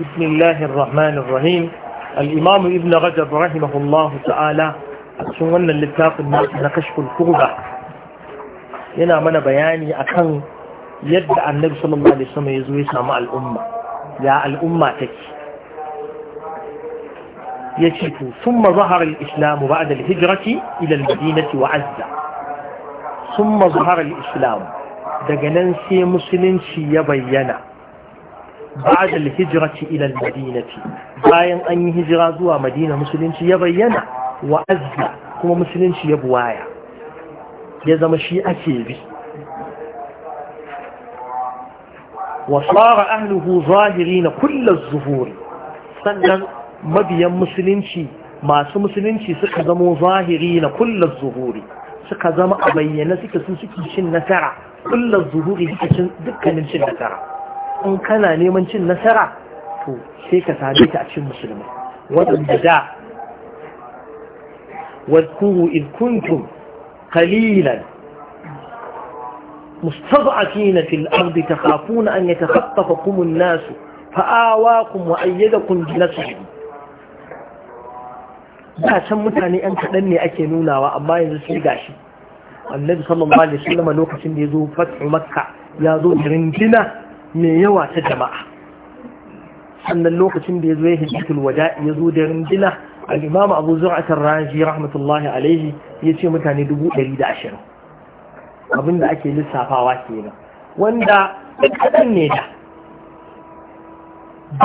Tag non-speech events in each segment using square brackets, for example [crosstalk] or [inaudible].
بسم الله الرحمن الرحيم الإمام ابن رجب رحمه الله تعالى شوانا لتاق الناس نكشف الكربة هنا من بياني أكن يدعى النبي صلى الله عليه وسلم يزوي سماء الأمة يا الأمة تك يشف ثم ظهر الإسلام بعد الهجرة إلى المدينة وعزة ثم ظهر الإسلام daga nan sai musulunci ya bayyana ba da hijirarci ilal madinaci bayan an yi hijira zuwa madina musulunci ya bayyana wa kuma musulunci ya buwaya ya zama shi ake bi wa tsara ahluhu zahiri na kullum zuhuri sannan mabiyan musulunci masu musulunci suka zamo zahiri na kullum zuhuri suka zama a bayyana suke su suke cin nasara kullar zuhuri suke cin dukkanin cin nasara in kana neman cin nasara to sai ka same ta a cikin musulmi waɗanda da wadkuru id kuntum qalilan mustad'afina fil ardi takhafuna an yatakhaffafakum an-nas fa'awakum wa ayyadakum bi nasrihi da can mutane yan kaɗan ne ake nunawa amma yanzu sai gashi annabi sallallahu alaihi wasallam lokacin da ya zo fatu makka ya zo rindina mai yawa ta jama'a sannan lokacin da ya zo ya hijjatul wada ya zo da rindina al-imam abu zur'at ar rahmatullahi alaihi ya ce mutane dubu ɗari da ashirin abinda ake lissafawa kenan wanda kaɗan ne da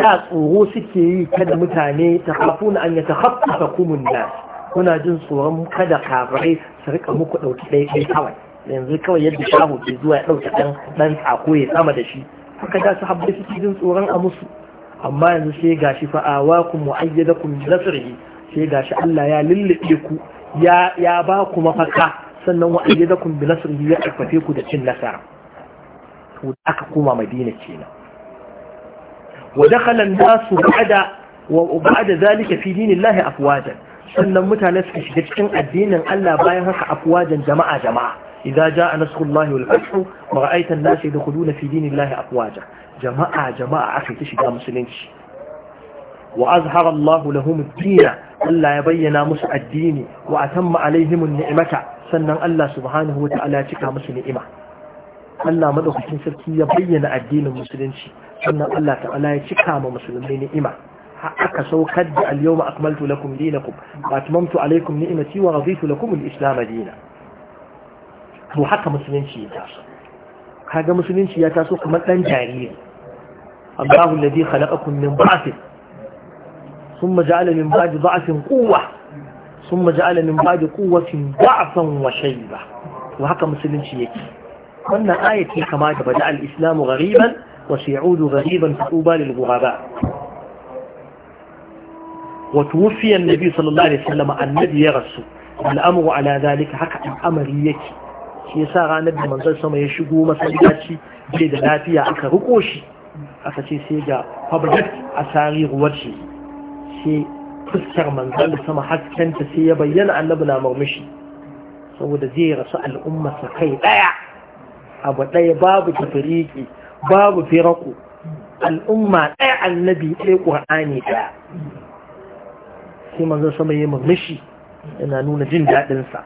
da tsoro suke yi kada mutane ta kafuna an ya ta kumun na kuna jin tsoron kada kafirai su rika muku ɗauki ɗaya ɗaya kawai yanzu kawai yadda shahu ke zuwa ya ɗauki ɗan ɗan tsako ya sama da shi haka da su habbai suke jin tsoron a musu amma yanzu sai gashi wa ku mu'ayyada ku nasirhi sai gashi Allah ya lullube ku ya ya ba ku mafaka sannan wa ku bi nasrihi ya karfafe ku da cin nasara to aka koma Madina kenan wa dakhala an-nasu ba'da wa ba'da zalika fi sannan mutane suka shiga cikin addinin Allah bayan haka afwajan jama'a jama'a idza ja nasrullahi wal fathu wa ra'aita an-nasa yadkhuluna fi dinillahi afwaja jama'a jama'a aka ta shiga musulunci wa azhara Allah lahum ad Allah ya bayyana musu addini wa atamma alaihim an-ni'mata sannan Allah subhanahu wa ta'ala ya cika musu ni'ima Allah madaukakin sarki ya bayyana addinin musulunci سنة الله تعالى يتكام مسلمين إما حقك سوكد اليوم أكملت لكم دينكم وأتممت عليكم نئمتي ورضيت لكم الإسلام دينا هو حقا مسلمين شيء تاسو حقا مسلمين شيء تاسو كما تنجعين الله الذي خلقكم من بعث ثم جعل من بعد ضعف قوة ثم جعل من بعد قوة ضعفا وشيبة وحقا مسلمين شيء وأن آية كما تبدأ الإسلام غريبا وسيعود غريبا فطوبى للغرباء وتوفي النبي صلى الله عليه وسلم النبي يغسو الأمر على ذلك حق الأمر يكي يسا غاند من ذلك سما يشقو مسلاتي جيد لاتيا أكا ركوشي أكا شي سيجا فبجت أساري غوتي شي فسر من ذلك سما حق كانت سيبين أن نبنا مرمشي سوى ذي رسال أمة سكي ضيع أبو ضيع باب تفريقي babu firaku al'umma ɗaya annabi ɗaya ƙur'ani ɗaya sai manzon sama ya murmushi yana nuna jin daɗinsa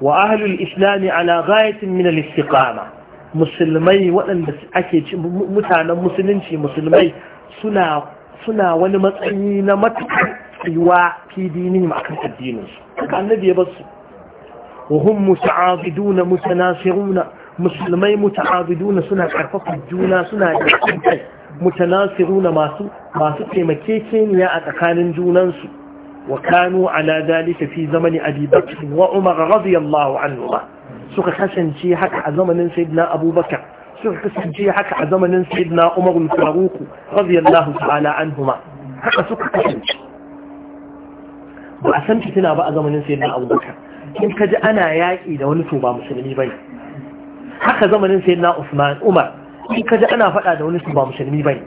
wa ahlul islami ala ghayatin min al-istiqama musulmai waɗanda ake mutanen musulunci musulmai suna suna wani matsayi na matuƙar tsayuwa fi dinihim akan addininsu annabi ya bar su wa hum muta'abiduna mutanasiruna musulmai muta'abiduna suna karfafa juna suna da kai mutanasiruna masu masu taimakekeniya a tsakanin junansu wa kanu ala dalika fi zamani abi bakr wa umar radiyallahu anhu suka kasance haka a zamanin sayyidina abubakar suka kasance haka a zamanin sayyidina umar al-faruq radiyallahu ta'ala anhuma haka suka kasance ba a san fitina ba a zamanin sayyidina abubakar in kaji ana yaƙi da wani to ba musulmi bane haka zamanin sai na usman umar in ka ji ana faɗa da wani su ba musulmi bane.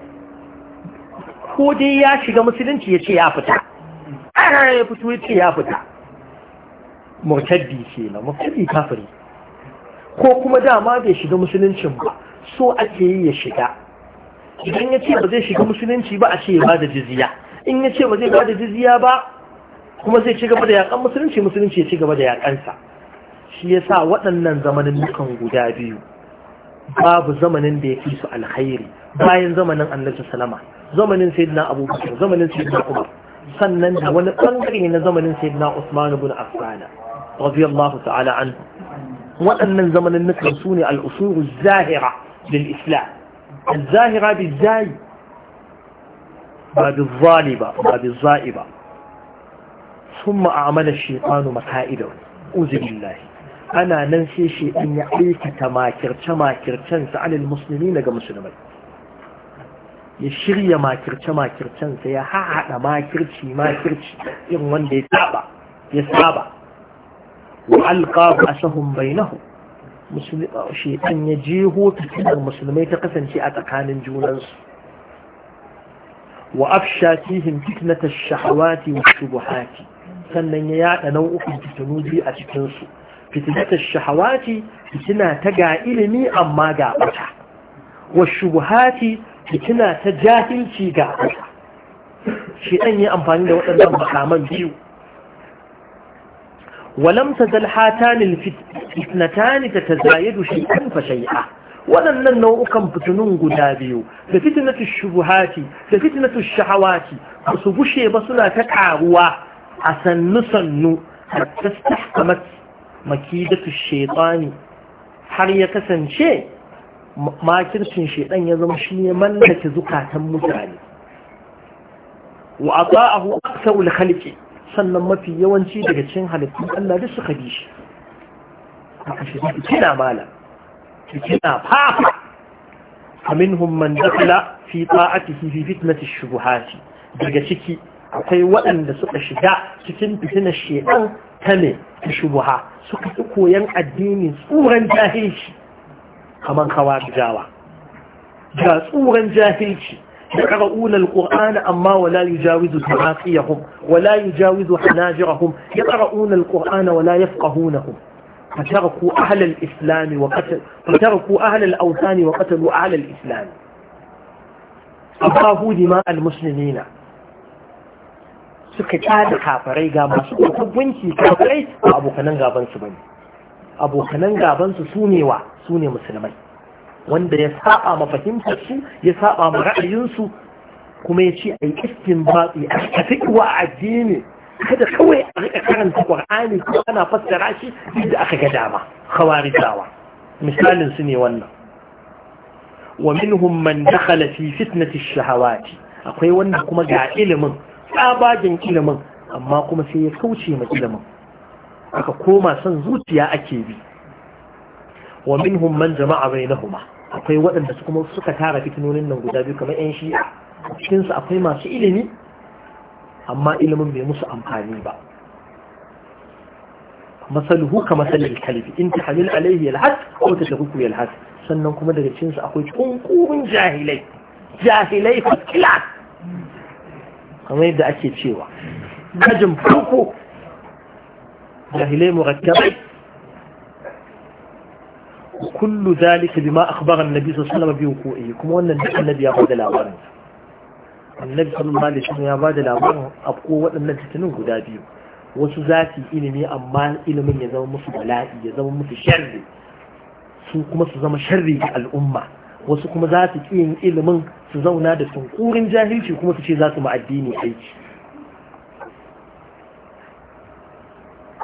ko dai ya shiga musulunci ya ce ya fita ana ya fito ya ce ya fita murtaddi ke na murtaddi kafiri ko kuma dama bai shiga musuluncin ba so ake yi ya shiga idan ya ce ba zai shiga musulunci ba a ce ya bada jizya in ya ce ba zai bada jizya ba kuma zai ci gaba da yakan musulunci musulunci ya ci gaba da yakansa shi ya sa waɗannan zamanin nukan guda biyu babu zamanin da ya fi su alkhairi bayan zamanin annabi salama zamanin sayyidina abubakar zamanin sayyidina umar sannan da wani bangare na zamanin sayyidina usman ibn affan radiyallahu ta'ala anhu waɗannan zamanin nukan su ne al-usuru zahira lil islam al-zahira الزاهرة بالزاي باب الظالبة باب zaiba ثم أعمل الشيطان مكائده أوزي بالله ana nan sai shaidan ya aikata makirce-makircen sa alil musulmi daga musulmai ya shirya makirce-makircen sa ya haɗa makirci-makirci irin wanda ya saba ya saba wa alƙabu a sahun bainahu shaidan ya jeho fitinar musulmai ta kasance a tsakanin junansu wa afsha fihim fitnatar shahawati wa shubuhati sannan ya yaɗa nau'ukan fitinu biyu a cikinsu fitnatash shahawati fitina ta ga ilimi amma ga bata wa shubuhati fitina ta jahilci ga bata shi ɗan yi amfani da waɗannan makaman biyu zalhata fitinata ولم تزل هاتان الفتنتان تتزايد شيئا فشيئا waɗannan nau'ukan fitinun guda biyu da fitinatu shubuhati da fitinatu shahawati ba su bushe ba suna ta ƙaruwa a sannu sannu hatta stahkamat makidatu shaitani har ya kasance makircin shaitan ya zama shi ne mallake zukatan mutane wa ata'ahu aktsaul halki sannan mafi yawanci daga cin halittun Allah da suka bi shi haka shi kina mala kina fafa فمنهم من دخل في طاعته في فتنة الشبهات daga ciki akwai waɗanda suka shiga cikin fitinar shedan ta ne ta shubuha suka fi koyan addini tsuran jahilci kamar kawa jawa ga tsuran jahilci يقرؤون القرآن أما ولا يجاوز تعاقيهم ولا يجاوز حناجرهم يقرؤون القرآن ولا يفقهونهم فتركوا أهل الإسلام وقتل فتركوا أهل الأوثان وقتلوا أهل الإسلام أباهوا دماء المسلمين suka kada kafarai ga masu hukunci kafarai ba abokanan gabansu ba ne abokanan gabansu su ne wa su ne musulmai wanda ya saba ma fahimtar su ya saba ma ra'ayinsu kuma ya ce a yi kistin batsi a fiƙi wa addini kada kawai a rika karanta ƙwar'ani ko ana fassara shi duk da aka ga dama khawarijawa misalin su ne wannan wa minhum man dakhala fi fitnati shahawati akwai wanda kuma ga ilimin tsabagen ilimin amma kuma sai ya kauce ma ilimin aka koma son zuciya ake bi wa minhum man jama'a bainahuma akwai waɗanda su kuma suka tara fitinonin nan guda biyu kamar yan shi'a cikin su akwai masu ilimi amma ilimin bai musu amfani ba masaluhu ka masalil kalbi in ta halil alaihi alhas ko ta tafuku alhas sannan kuma daga cikin su akwai kunkurin jahilai jahilai first kamar yadda ake cewa gajin farko jahilai murakkabai kullu zalika bima akhbara annabi sallallahu alaihi wasallam bi kuma wannan duk annabi ya bada labarin annabi sallallahu alaihi wasallam ya bada labarin afko waɗannan fitinin guda biyu wasu zafi ilimi amma ilimin ya zama musu bala'i ya zama musu sharri su kuma su zama sharri ga al'umma wasu kuma za su yin ilimin su zauna da tunkurin jahilci kuma su ce za su ma'addini aiki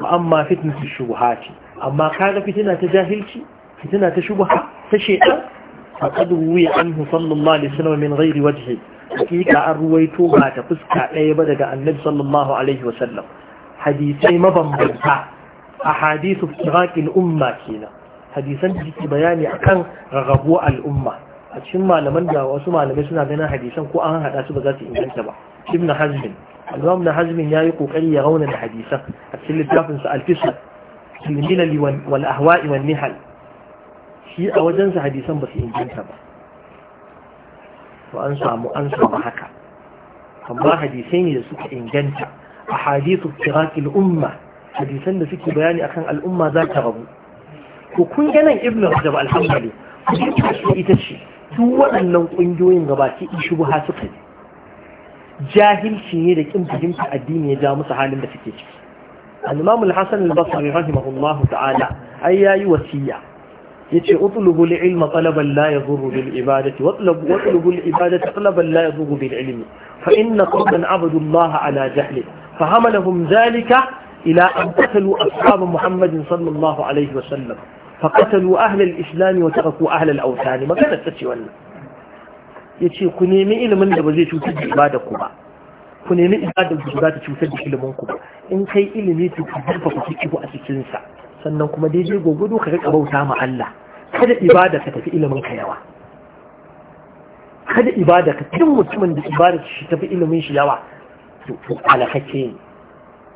amma fitnatu shubha ce amma kaga fitina ta jahilci fitina ta shubha ta shaitan faqad ruwiya anhu sallallahu alaihi wasallam min ghairi wajhi hakika an ruwaito ba ta fuska ɗaya ba daga annabi sallallahu alaihi wasallam hadisai mabambanta ahadithu firaqil umma kenan hadisan da suke bayani akan rarrabuwar al'umma a cikin malaman da wasu malamai suna ganin hadisan ko an haɗa su ba za su inganta ba ibn hazmin al-imam ibn hazmin yayi kokari ya rauna da hadisan a cikin littafin sa al-fisl fil milal wal ahwa'i wan nihal shi a wajen sa hadisan ba su inganta ba to an samu an samu haka amma hadisai ne da suka inganta ahadithu firaqil umma hadisan da suke bayani akan al'umma za ta rabu to kun ga nan ibnu rajab alhamdali ita ce duk waɗannan ƙungiyoyin gabaki shubuha suka ne jahilci ne da kin fahimta addini ya ja musu halin da suke ciki al-imam al-hasan al-basri rahimahullah ta'ala ai yayi wasiya yace utlubu al-ilma talaban la yadhurru bil ibadati watlubu watlubu al-ibadati talaban la yadhurru bil ilmi fa inna qawman abadu Allah ala jahli fa hamalahum dhalika ila an qatalu Muhammad sallallahu wa sallam فقتلوا أهل الإسلام وتركوا أهل الأوثان ما كانت تتشي yace ku nemi ilimin da ba zai cutar da ibada ku ba ku nemi ibada da za ta cutar da ilimin ba in kai ilimi to ku zurfa ku ciki ku a cikin sa sannan kuma daidai gogodo ka rika bauta ma Allah kada ibada ka tafi yawa kada ibada ka mutumin da ibada shi tafi ilimin shi yawa to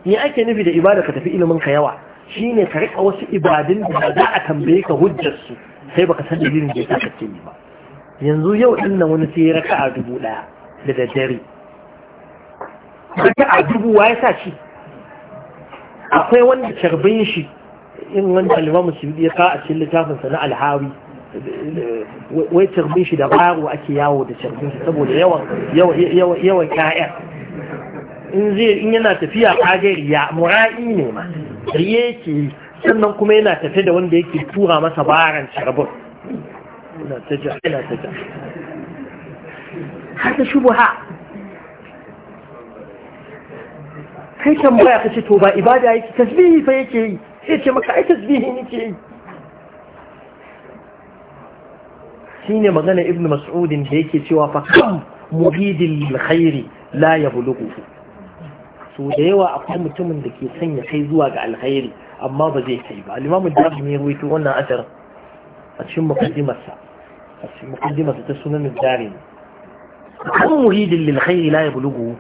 ne ake nufi da ibada ka tafi ilimin ka yawa shine ka rika wasu ibadun da za a tambaye ka hujjarsu sai baka san dalilin da ya saka ce ba yanzu yau din nan wani sai raka a dubu ɗaya da daddare raka a dubu wa ya sa shi akwai wanda sharbin shi in wanda alimar musulmi ya ka a cikin littafinsa na alhawi wai carbin shi da baro ake yawo da carbin shi saboda yawan yawan yawan in zai in yana tafiya kagari ya mura'i ne ma riye yake sannan kuma yana tafe da wanda yake tura masa baran sharbin ina ta ja ina ta ja haka shubha kai tambaya ce to ba ibada yake tasbihi fa yake yi sai ce maka ai tasbihi nake yi Shi ne magana ibnu mas'udin da yake cewa fa kam muridin lil khairi la yablughu so da yawa akwai mutumin da ke sanya kai zuwa ga alkhairi amma ba zai kai ba al-imamu darimi ya ruwaito wannan asar a cikin muqaddimarsa a cikin muqaddimarsa ta sunan darimi kan muridin lil khairi la yablughu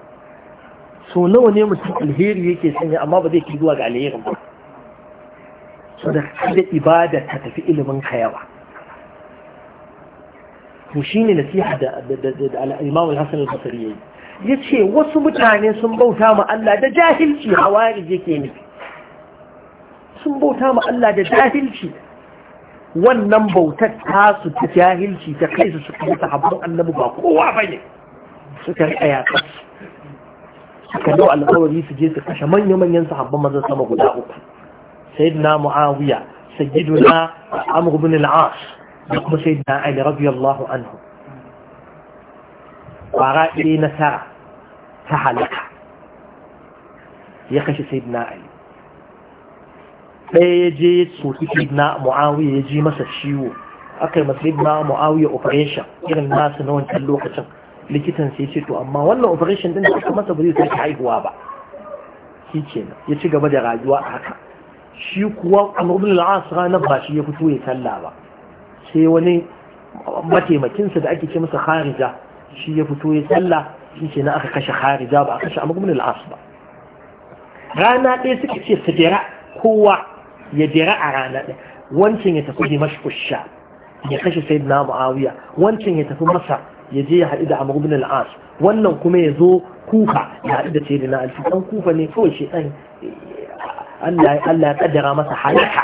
so nawa ne mutum alheri yake sanya amma ba zai kai zuwa ga alherin ba so da kada ibada ta tafi ilimin ka yawa to shine nasiha da al-imamu al-hasan al-basri yayi ya ce wasu mutane sun bauta ma Allah da jahilci hawari yake ne sun bauta ma Allah da jahilci wannan bautar tasu ta jahilci ta kai su suka yi haɓar annabi ba kowa ba ne suka riƙa yaƙa suka yi alkawari su je su kashe manya-manyan haɓar mazan sama guda uku sayyidina muawiya sayyiduna amr na Amurbin as da kuma sayyidina ali radiyallahu anhu ƙwara ɗaya nasara ta halaka ya kashe sai na ali ɗaya ya je ya soki na mu'awiyya ya ji masa ciwo aka yi masu na mu'awiyya operation irin nasu na wancan lokacin likitan sai ce to amma wannan operation din da aka masa ba zai sake haihuwa ba shi kenan ya ci gaba da rayuwa a haka shi kuwa amurbin al'as ranar ba shi ya fito ya talla ba sai wani mataimakinsa da ake ce masa harija shi ya fito ya sallah shi ke na aka kashe harija ba a kashe amur min ba rana ɗaya suka ce su dira kowa ya dira a rana ɗaya wancan ya tafi dimashku ya kashe sai na mu'awiya wancan ya tafi masa ya je ya haɗu da amur al'as wannan kuma ya zo kufa ya haɗu da sai na alfi ɗan kufa ne kawai shi ɗan Allah ya ƙaddara masa halaka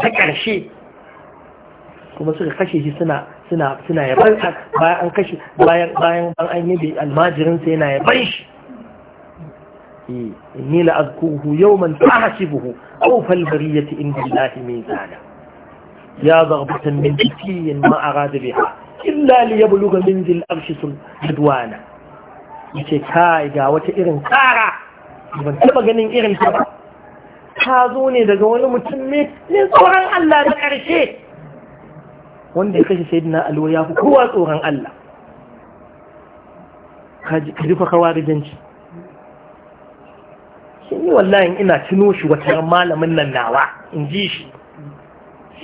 ta ƙarshe kuma suka kashe shi suna suna ya yaban bayan an kashi bayan bayan an yi almajirin sai yana yaban shi e, inni la azkuhu yawman tahsibuhu aw fal bariyati inda Allah mizana ya zaghbatan min tiyin ma arada biha illa li yabluga min zil arshi adwana yace kai ga wata irin tsara ban taba ganin irin ta ba ta zo ne daga wani mutum ne ne tsoron Allah da ƙarshe wanda ya kashe sayyidina ali ya fi kowa tsoron Allah ka ji fa kawarijanci shi ni wallahi ina tuno shi wata malamin nan nawa in ji shi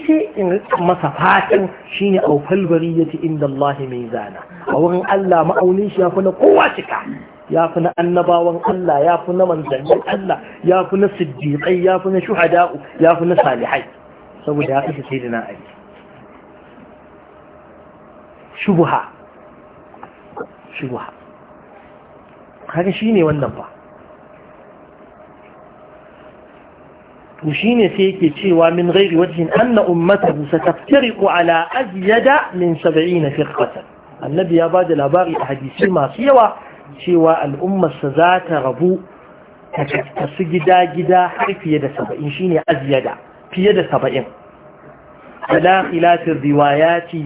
Shi in rika masa fatan shine ya bariyati inda Allah mai zana a wurin Allah ma'aunin shi ya fi na kowa cika ya fi na annabawan Allah ya fi na manzannin Allah ya fi na siddiƙai ya fi na shuhada'u ya fi na salihai saboda ya kashe sayyidina ali shubha shubha haka shine wannan ba to shine sai yake cewa min wajen ghairi wajhin anna ummatahu sataftariqu ala azyada min 70 firqatan annabi ya bada labari a hadisi masu yawa cewa al'ummarsa za ta rabu ta su gida-gida har fiye da saba'in shine azyada fiye da saba'in ala khilafin riwayati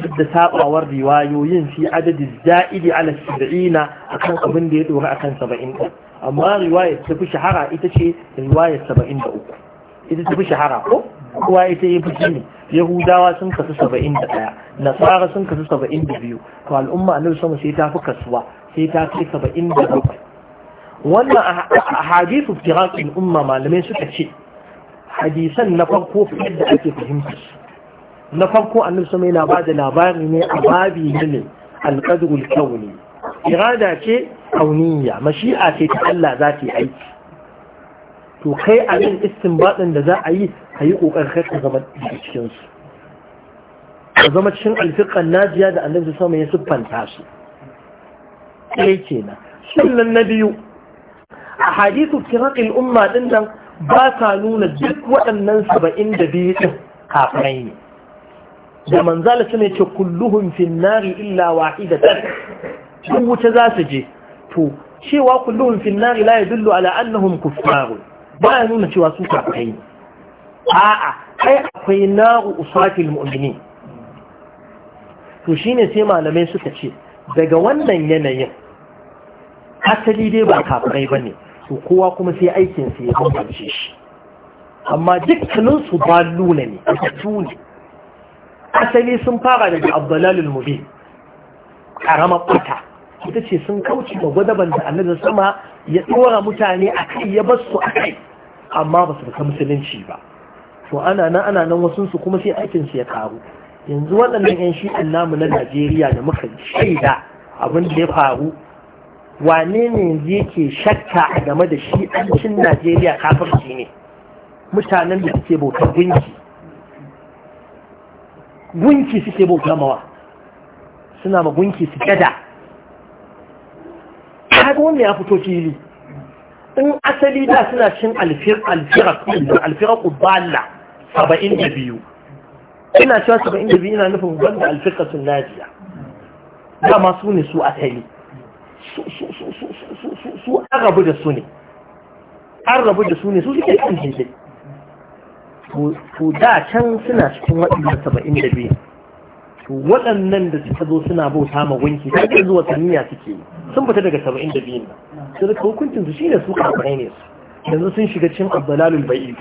duk da sabawar riwayoyin fi adadin za'idi ala shir'ina akan abin da ya dora akan saba'in ɗin amma riwayar ta fi shahara ita ce riwayar saba'in da uku ita ta fi shahara ko kowa ita ya fi ne yahudawa sun kasu saba'in da ɗaya nasara sun kasu saba'in da biyu to al'umma annabi sama sai ta fi kasuwa sai ta kai saba'in da bakwai wannan a hadisu firaqin umma malamai suka ce hadisan na farko fiye da ake fahimta su na farko annabi sama yana ba da labari ne a babi ne alƙadrul kauni irada ce kauniya mashi'a ce ta Allah za ta yi aiki to kai a yin istinbadin da za a yi ka yi ƙoƙarƙar ka zama cikin su ka zama cikin alfiƙan najiya da annabi sama ya siffanta su ɗaya kenan sannan na biyu a hadithu kiraƙin umma ɗin nan ba sa nuna duk waɗannan saba'in da biyu ɗin kafirai ne da manzala su ne ce kulluhun finnari illa wahida sun wuce za su je to cewa kulluhun finnari la yadullu ala annahum kufaru ba ya nuna cewa su kafai ne a'a kai akwai naru usatil mu'mini to shine sai malamai suka ce daga wannan yanayin asali dai ba ba ne, to kowa kuma sai aikin sa ya bambance shi amma dukkanin su baluna ne su ne asali sun fara daga abdalalul mubi karamar kuta ita ce sun kauce da gwadaban da annabi sama ya tsora mutane a kai ya bar su a kai amma ba su ka musulunci ba to ana nan ana nan wasu su kuma sai aikin su ya karu yanzu waɗannan yan shi'an namu na Najeriya da muka shaida abin da ya faru wane ne yanzu yake shakka a game da shi shi'ancin Najeriya kafirci ne mutanen da suke bautar gunki gunki suke bauta mawa suna ma gunki su gada kaga wanda ya fito fili in asali da suna cin alfirar ƙubala saba'in da biyu ina cewa saba'in da biyu ina nufin wanda alfirar sun najiya dama su ne su asali su an da su ne an da su ne su suke kan daidai to da can suna cikin waɗanda saba'in da biyu to waɗannan da suka zo suna bauta ma wanki ta ke zuwa saniya suke yi sun fita daga saba'in da biyun na su da hukuncin su shine su kafirai ne su yanzu sun shiga cikin abdalalul bai'i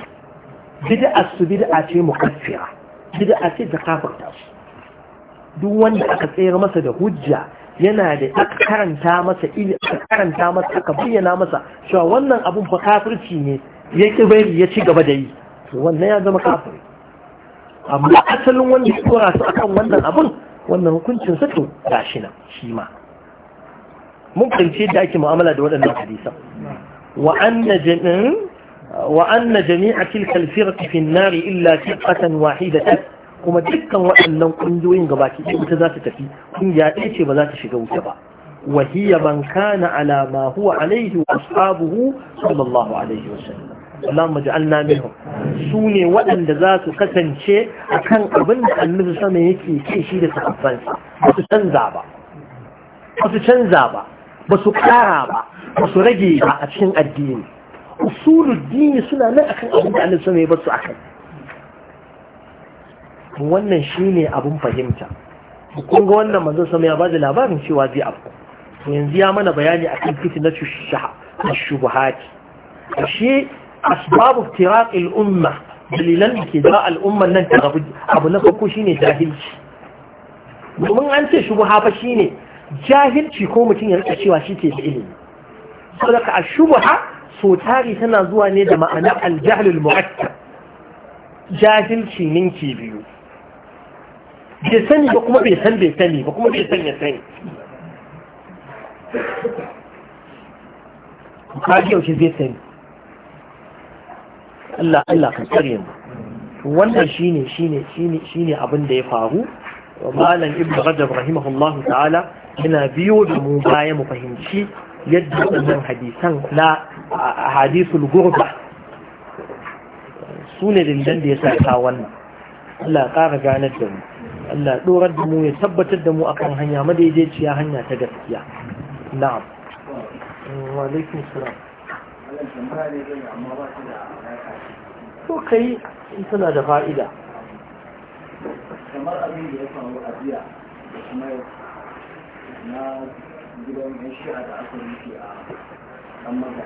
bid'a su bid'a ce mukaffira bid'a ce ta kafirta su duk wanda aka tsayar masa da hujja yana da aka karanta masa ili aka karanta masa aka bayyana masa cewa wannan abun fa kafirci ne ya ki bari ya ci gaba da yi wannan ya zama kafiri amma asalin wanda ya dora su akan wannan abun wannan hukuncin sa to gashi na shi ma mun fahimci yadda ake mu'amala da waɗannan hadisan wa anna jami'a tilka al-firqa fi an-nar illa fiqatan wahidatan kuma dukkan waɗannan ƙungiyoyin gabaki ɗaya wuta za ta tafi kungiya ɗaya ce ba za ta shiga wuta ba وهي من كان على ما هو عليه وأصحابه صلى الله عليه وسلم Allahumma ja'alna minhum su ne waɗanda za su kasance akan abin da annabi sama yake ce shi da sahabbansa ba su canza ba ba su canza ba ba su kara ba ba su rage ba a cikin addini dini suna nan akan abin da annabi sama ya su akan wannan shine abin fahimta kun ga wannan manzon sama ya bada labarin cewa zai abu yanzu ya mana bayani akan fitnatu shubuhati ashe asbabu firaq dalilan da ke da al'ummar nan ta rabu abu na farko shine jahilci domin an ce shubha fa shine jahilci ko mutum ya rika cewa shi ke da ilimi saboda a shubha so tana zuwa ne da ma'anar aljahlul mu'akkad jahilci biyu sani ba kuma bai san bai sani ba kuma bai san ya sani ka yaushe zai sani Allah Allah ka tsare mu wannan shine shine shine shine abin da ya faru malam ibn rajab rahimahullahu ta'ala yana biyo da mu baya mu fahimci yadda wannan hadisan na hadisul gurba sune ne dindan da ya sa ka wannan Allah ƙara ganar da mu Allah dorar da mu ya tabbatar da mu akan hanya madaidaiciya hanya ta gaskiya na'am wa alaikum salam to kai in tana da fa'ida kamar abin da ya faru a biya da kuma na gidan yan shi'a da aka rufe a ɗan maka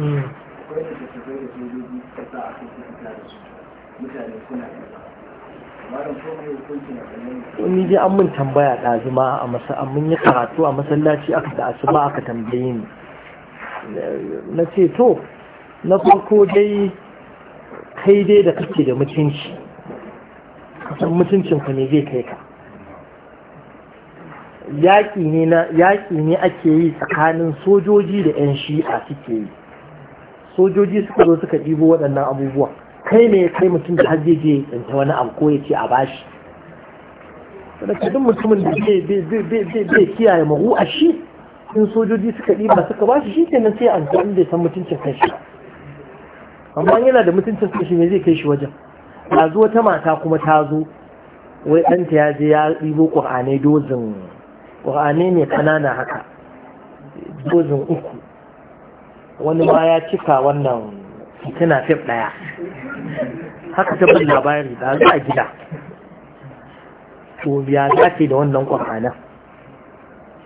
hmm. akwai da tattabai da sojoji ta sa aka fita da su mutane suna ni dai an mun tambaya ɗazuma a mun yi karatu a masallaci aka da asuba aka tambaye ni na ce to na farko dai kai dai da kake da mutunci kasan mutuncinka ne zai kai ka yaƙi ne ake yi tsakanin sojoji da 'yan shi'a suke yi sojoji suka zo suka ɗibo waɗannan abubuwa kai ne kai mutum da har je tsinta wani abu ko ya ce a bashi saboda duk mutumin da zai kiyaye mahu a shi in sojoji suka ɗiba suka ba shi shi nan sai a zaɓi da san mutuncin shi amma yana da mutuncin shi ne zai kai shi wajen Ya zo ta mata kuma ta zo wai ɗanta ya je ya ɗibo ƙur'anai dozin ƙur'anai ne ƙanana haka dozin uku wani ma ya cika wannan tana fim ɗaya haka ta bin labari da a gida to ya dace da wannan ƙur'anan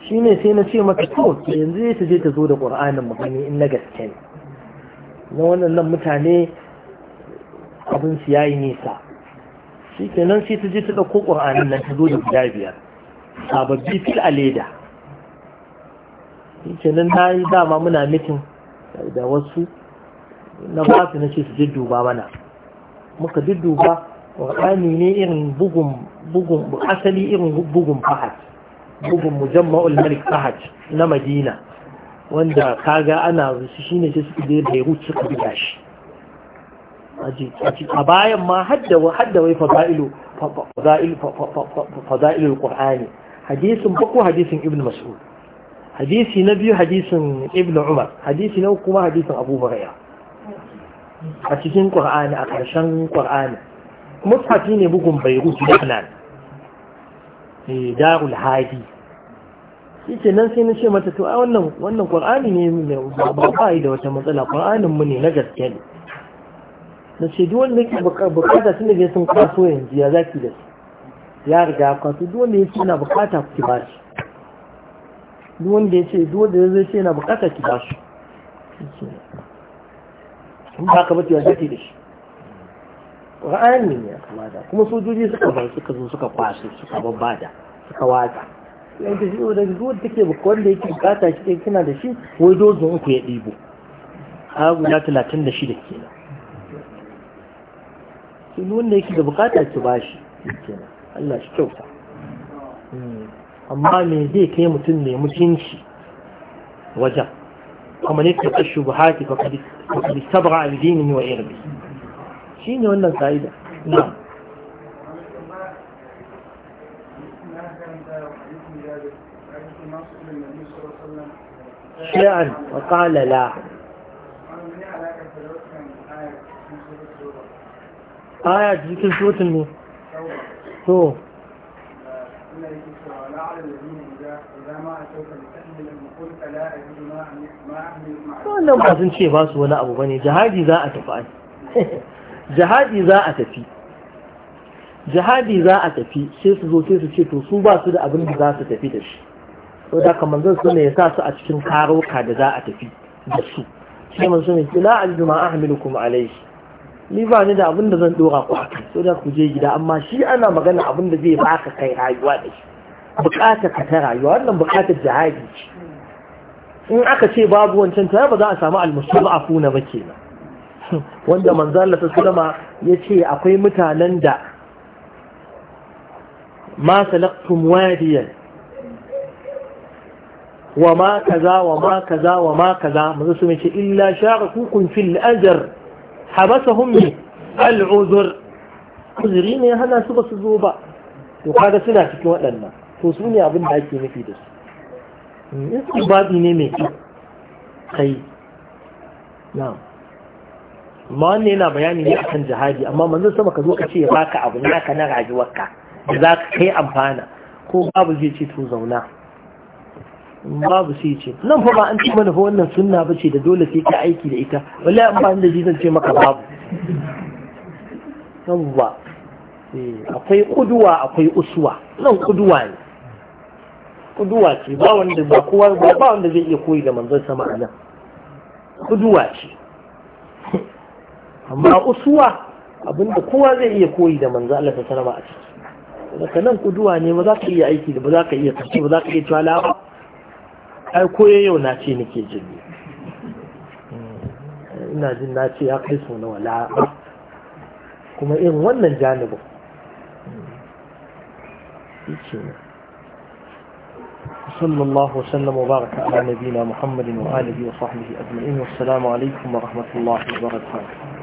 shi ne sai na ce maka to yanzu ya ta je ta zo da ƙur'anin magani in na gaske ne na wannan mutane abin su yayi nisa shi kenan sai ta je ta ɗauko ƙur'anin nan ta zo da guda biyar sababbi fil a leda shi kenan na yi dama muna mitin da wasu na ba su na ce su duba mana muka duba ƙur'ani ne irin bugun asali irin bugun fahad bugun mujamma'ul malik fahaj na madina wanda kaga ana rusu shi ne sai suka je beirut suka buga shi a bayan ma hadda wai fada'ilul qur'ani hadisin bako hadisin ibn mas'ud hadisi na biyu hadisin ibn umar hadisi na kuma hadisin abu hurairah a cikin qur'ani a ƙarshen qur'ani mutafi ne bugun beirut lebanon Eh, darul hadi yake nan sai na ce mata to a wannan wannan qur'ani ne mai ba ba da wata matsala qur'anin mu ne na gaske ne na ce duk wanda yake bukata sun da sun kwaso yanzu ya zaki da su ya riga to duk wanda yake yana bukata ki ba shi duk wanda yake duk wanda zai ce yana bukata ki ba shi in ba ka mutu ya zaki da shi ya ne kamata kuma sojoji suka bar suka zo suka kwashe suka babbada suka watsa yanzu shi da duk wanda take buƙatar wanda yake bukata shi kina da shi wai dozin uku ya ɗibo a guda talatin da shida kenan sun wanda yake da bukata ki bashi kenan Allah shi kyauta hmm. amma me zai kai mutum ne mutunci wajen Kamar ne ka kashu buhati ka kadi sabra al-dini wa irbi ne wannan ka'ida na'am شيئا وقال لا آية ذكر سورة النور تو wannan ba sun ce ba su wani abu ba ne, jihadi za a tafi ai [laughs] jihadi za a tafi jihadi za a tafi sai su zo sai su ce to su ba su da abin da za su tafi da shi sau da kamar zan su ne ya sa su a cikin karoka da za a tafi da su sai mun sani ila aljuma ahmilukum alayhi ni ba ni da abin da zan dora ku akai so da ku je gida amma shi ana magana abin da zai baka kai rayuwa da shi bukata ka ta rayuwa wannan bukatar jihadi ce in aka ce babu wancan ta ba za a samu almusulafuna ba kenan [laughs] wanda ta sulama ya ce akwai mutanen da ma salaktum wadiyan wa ma kaza wa ma kaza wa ma kaza manzo su ce illa sharakukum fil ajr habasahum al al'uzur uzuri ne hana su ba su zo ba to kaga suna cikin waɗannan to su ne abin da ake nufi da su in su babi ne mai kai na'am amma wannan yana bayani ne akan jihadi amma manzon sama ka zo ka ce ba baka abu naka na rayuwarka da za ka kai amfana ko babu zai ce to zauna babu sai ce nan fa ba an ci mana fa wannan sunna ba ce da dole sai ka aiki da ita wallahi an ba da ji zan ce maka babu yawwa eh, akwai kuduwa akwai uswa nan kuduwa ne kuduwa ce ba wanda ba kowa ba wanda zai iya koyi da manzon sama anan kuduwa ce amma usuwa abinda kowa zai iya koyi da manzo Allah ta a ciki daga nan kuduwa ne ba za ka iya aiki da ba za ka iya tafi ba za ka iya cewa ba ai koyo yau na ce nake jin hmm. ina jin na ce ya kai sau nawa la kuma irin wannan janibin صلى الله وسلم وبارك على نبينا محمد وآله وصحبه أجمعين والسلام عليكم ورحمة الله وبركاته